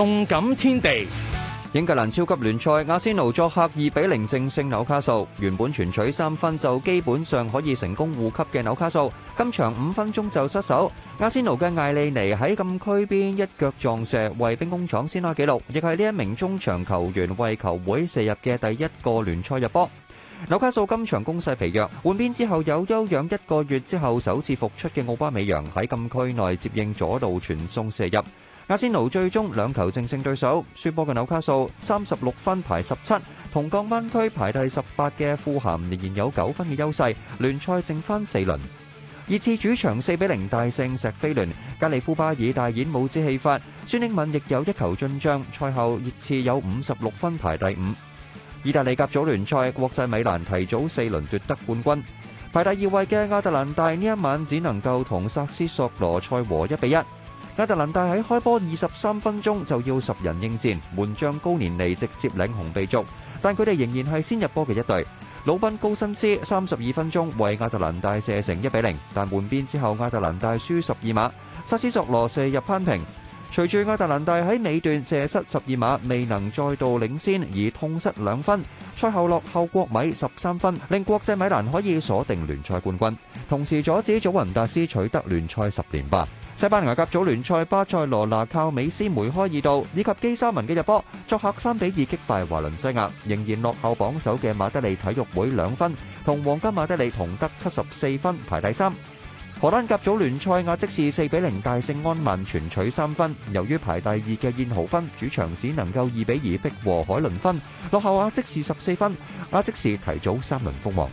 動感天地，英格蘭超級聯賽，阿仙奴作客二比零淨勝紐卡素，原本全取三分就基本上可以成功護級嘅紐卡素，今場五分鐘就失手。阿仙奴嘅艾利尼喺禁區邊一腳撞射，為兵工廠先開紀錄，亦係呢一名中場球員為球會射入嘅第一個聯賽入波。紐卡素今場攻勢疲弱，換邊之後有休養一個月之後首次復出嘅奧巴美揚喺禁區內接應左路傳送射入。阿仙奴最終兩球淨勝對手，輸波嘅紐卡素三十六分排十七，同降班區排第十八嘅富咸仍然有九分嘅優勢。聯賽剩翻四輪，熱刺主場四比零大勝錫菲聯，加利夫巴爾大演帽子戲法，孫興敏亦有一球進賬。賽後熱刺有五十六分排第五。意大利甲組聯賽，國際米蘭提早四輪奪得冠軍，排第二位嘅亞特蘭大呢一晚只能夠同薩斯索羅賽和一比一。亞特蘭大喺開波二十三分鐘就要十人應戰，門將高年尼直接領紅被逐，但佢哋仍然係先入波嘅一隊。魯賓高辛斯三十二分鐘為亞特蘭大射成一比零，但換邊之後亞特蘭大輸十二碼，薩斯索羅射入攀平。隨住亞特蘭大喺尾段射失十二碼，未能再度領先而痛失兩分，賽後落後國米十三分，令國際米蘭可以鎖定聯賽冠軍，同時阻止祖雲達斯取得聯賽十連霸。西班牙甲組聯賽，巴塞羅那靠美斯、梅開二度以及基沙文嘅入波，作客三比二擊敗華倫西亞，仍然落後榜首嘅馬德里體育會兩分，同皇家馬德里同得七十四分排第三。荷蘭甲組聯賽，亞積士四比零大勝安曼，全取三分。由於排第二嘅燕豪芬，主場只能夠二比二逼和海倫芬，落後亞積士十四分，亞積士提早三輪封王。